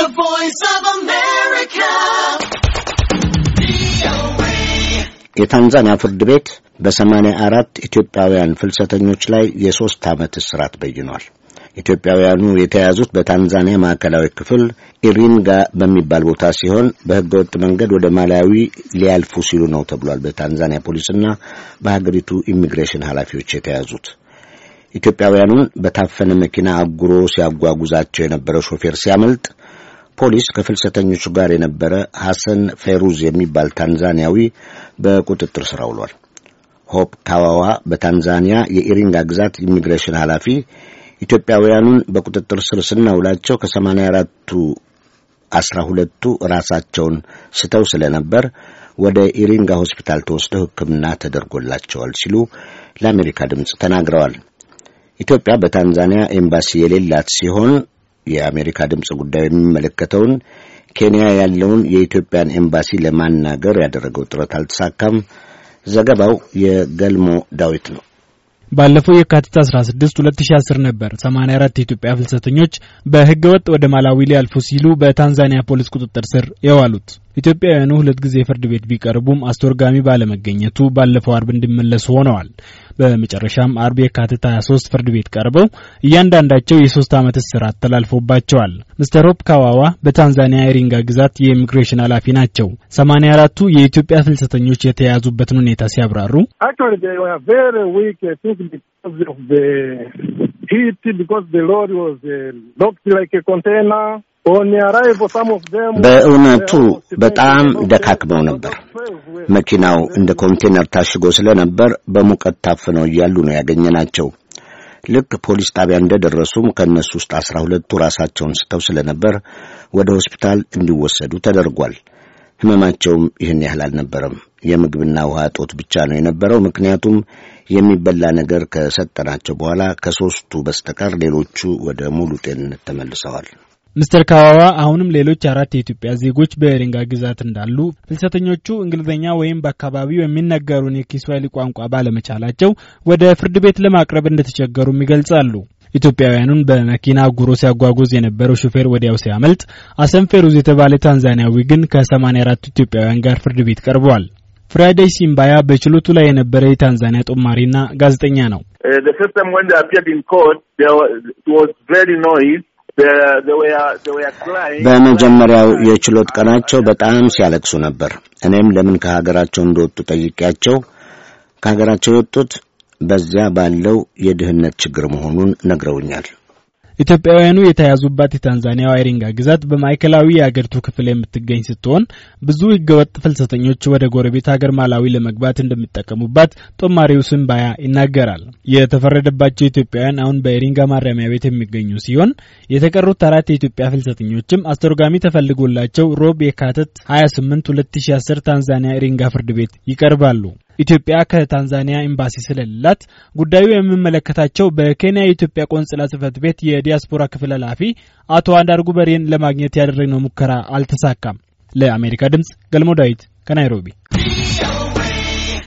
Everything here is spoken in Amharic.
The Voice of America. የታንዛኒያ ፍርድ ቤት በሰማንያ አራት ኢትዮጵያውያን ፍልሰተኞች ላይ የሦስት ዓመት እስራት በይኗል። ኢትዮጵያውያኑ የተያዙት በታንዛኒያ ማዕከላዊ ክፍል ኢሪንጋ በሚባል ቦታ ሲሆን በሕገ ወጥ መንገድ ወደ ማላዊ ሊያልፉ ሲሉ ነው ተብሏል። በታንዛኒያ ፖሊስና በሀገሪቱ ኢሚግሬሽን ኃላፊዎች የተያዙት ኢትዮጵያውያኑን በታፈነ መኪና አጉሮ ሲያጓጉዛቸው የነበረው ሾፌር ሲያመልጥ ፖሊስ ከፍልሰተኞቹ ጋር የነበረ ሐሰን ፌሩዝ የሚባል ታንዛኒያዊ በቁጥጥር ስር ውሏል። ሆፕ ካዋዋ በታንዛኒያ የኢሪንጋ ግዛት ኢሚግሬሽን ኃላፊ ኢትዮጵያውያኑን በቁጥጥር ስር ስናውላቸው ከሰማንያ አራቱ አስራ ሁለቱ ራሳቸውን ስተው ስለነበር ወደ ኢሪንጋ ሆስፒታል ተወስደው ሕክምና ተደርጎላቸዋል ሲሉ ለአሜሪካ ድምፅ ተናግረዋል። ኢትዮጵያ በታንዛኒያ ኤምባሲ የሌላት ሲሆን የአሜሪካ ድምፅ ጉዳዩ የሚመለከተውን ኬንያ ያለውን የኢትዮጵያን ኤምባሲ ለማናገር ያደረገው ጥረት አልተሳካም። ዘገባው የገልሞ ዳዊት ነው። ባለፈው የካቲት 16 2010 ነበር 84 የኢትዮጵያ ፍልሰተኞች በህገወጥ ወደ ማላዊ ሊያልፉ ሲሉ በታንዛኒያ ፖሊስ ቁጥጥር ስር የዋሉት። ኢትዮጵያውያኑ ሁለት ጊዜ ፍርድ ቤት ቢቀርቡም አስተርጓሚ ባለመገኘቱ ባለፈው አርብ እንዲመለሱ ሆነዋል። በመጨረሻም አርብ የካቲት 23 ፍርድ ቤት ቀርበው እያንዳንዳቸው የሶስት ዓመት እስራት ተላልፎባቸዋል። ምስተር ሆፕ ካዋዋ በታንዛኒያ የሪንጋ ግዛት የኢሚግሬሽን ኃላፊ ናቸው። 84ቱ የኢትዮጵያ ፍልሰተኞች የተያዙበትን ሁኔታ ሲያብራሩ በእውነቱ በጣም ደካክመው ነበር። መኪናው እንደ ኮንቴነር ታሽጎ ስለነበር በሙቀት ታፍነው እያሉ ነው ያገኘናቸው። ልክ ፖሊስ ጣቢያ እንደደረሱም ከእነሱ ውስጥ አስራ ሁለቱ ራሳቸውን ስተው ስለነበር ወደ ሆስፒታል እንዲወሰዱ ተደርጓል። ህመማቸውም ይህን ያህል አልነበረም። የምግብና ውሃ እጦት ብቻ ነው የነበረው። ምክንያቱም የሚበላ ነገር ከሰጠናቸው በኋላ ከሦስቱ በስተቀር ሌሎቹ ወደ ሙሉ ጤንነት ተመልሰዋል። ሚስተር ካዋዋ አሁንም ሌሎች አራት የኢትዮጵያ ዜጎች በሪንጋ ግዛት እንዳሉ ፍልሰተኞቹ እንግሊዝኛ ወይም በአካባቢው የሚነገሩን የኪስዋሂሊ ቋንቋ ባለመቻላቸው ወደ ፍርድ ቤት ለማቅረብ እንደተቸገሩም ይገልጻሉ። ኢትዮጵያውያኑን በመኪና ጉሮ ሲያጓጉዝ የነበረው ሹፌር ወዲያው ሲያመልጥ፣ አሰንፌሩዝ የተባለ ታንዛኒያዊ ግን ከ84 ኢትዮጵያውያን ጋር ፍርድ ቤት ቀርበዋል። ፍራይዴይ ሲምባያ በችሎቱ ላይ የነበረ የታንዛኒያ ጦማሪና ጋዜጠኛ ነው። Uh, በመጀመሪያው የችሎት ቀናቸው በጣም ሲያለቅሱ ነበር። እኔም ለምን ከሀገራቸው እንደወጡ ጠይቄያቸው ከሀገራቸው የወጡት በዚያ ባለው የድህነት ችግር መሆኑን ነግረውኛል። ኢትዮጵያውያኑ የተያዙባት የታንዛኒያ ኢሪንጋ ግዛት በማዕከላዊ የአገሪቱ ክፍል የምትገኝ ስትሆን ብዙ ህገወጥ ፍልሰተኞች ወደ ጎረቤት ሀገር ማላዊ ለመግባት እንደሚጠቀሙባት ጦማሪው ስምባያ ይናገራል። የተፈረደባቸው ኢትዮጵያውያን አሁን በኢሪንጋ ማረሚያ ቤት የሚገኙ ሲሆን የተቀሩት አራት የኢትዮጵያ ፍልሰተኞችም አስተርጓሚ ተፈልጎላቸው ሮብ የካቲት 28 2010 ታንዛኒያ ኢሪንጋ ፍርድ ቤት ይቀርባሉ። ኢትዮጵያ ከታንዛኒያ ኤምባሲ ስለሌላት ጉዳዩ የሚመለከታቸው በኬንያ የኢትዮጵያ ቆንጽላ ጽህፈት ቤት የዲያስፖራ ክፍል ኃላፊ አቶ አንዳርጉ በሬን ለማግኘት ያደረግነው ሙከራ አልተሳካም። ለአሜሪካ ድምጽ ገልሞ ዳዊት ከናይሮቢ